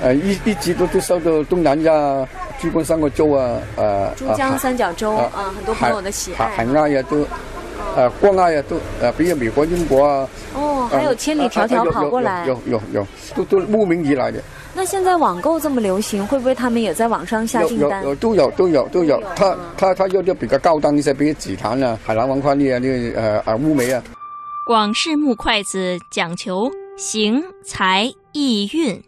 呃、啊、一一直都都受到東南亞珠江三角洲、啊、呃、珠江三角洲啊，呃珠江三角洲啊，啊很多朋友的喜愛，係、啊啊、都，呃國外啊，光啊都，呃、啊、比如美國、英國啊，哦，啊、還有千里迢迢跑過來，啊、有有有，有，有，有，都都慕名而來的。那現在網購這麼流行，會不會他們也在網上下訂單？都有都有都有，都有都有他他他又就比較高檔一些，比如紫檀啦、海南黃花梨啊呢，誒誒烏梅啊。這個呃、啊廣式木筷子講求形、材、意、韻。